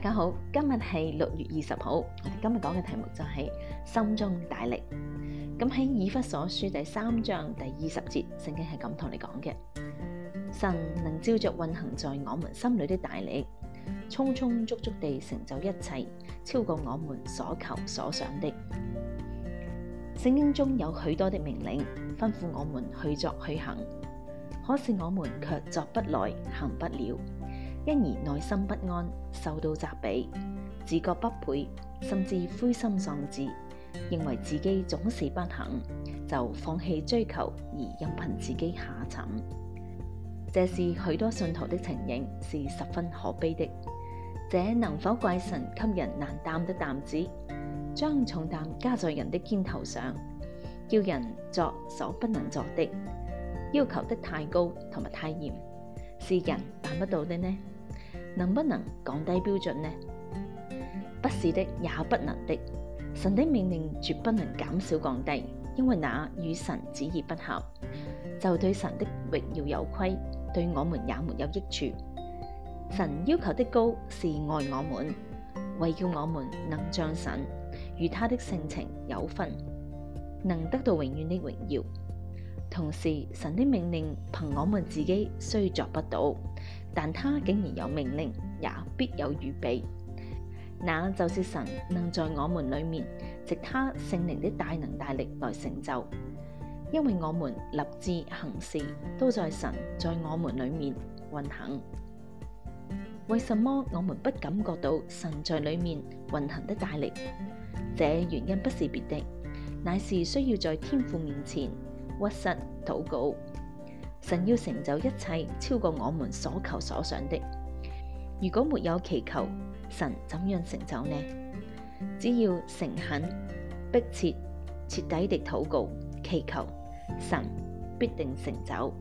大家好，今日係六月二十號。我哋今日講嘅題目就係、是、心中大力。咁喺、嗯、以弗所書第三章第二十節，聖經係咁同你講嘅：神能照着運行在我們心裏的大力，充充足足地成就一切，超過我們所求所想的。聖經中有許多的命令吩咐我們去作去行，可是我們卻作不來，行不了。因而內心不安，受到責備，自覺不配，甚至灰心喪志，認為自己總是不行，就放棄追求而任憑自己下沉。這是許多信徒的情形，是十分可悲的。這能否怪神給人難擔的擔子，將重擔加在人的肩頭上，叫人作所不能做的，要求得太高同埋太嚴，是人辦不到的呢？能不能降低標準呢？不是的，也不能的。神的命令絕不能減少降低，因為那與神旨意不合，就對神的榮耀有虧，對我們也沒有益處。神要求的高，是愛我們，為叫我們能像神，與他的性情有份，能得到永遠的榮耀。同時，神的命令憑我們自己雖作不到。但他竟然有命令，也必有預備，那就是神能在我們裡面藉他聖靈的大能大力來成就，因為我們立志行事都在神在我們裡面運行。為什麼我們不感覺到神在裡面運行的大力？這原因不是別的，乃是需要在天父面前屈膝禱告。神要成就一切，超過我們所求所想的。如果沒有祈求，神怎樣成就呢？只要誠懇、迫切、徹底地禱告祈求，神必定成就。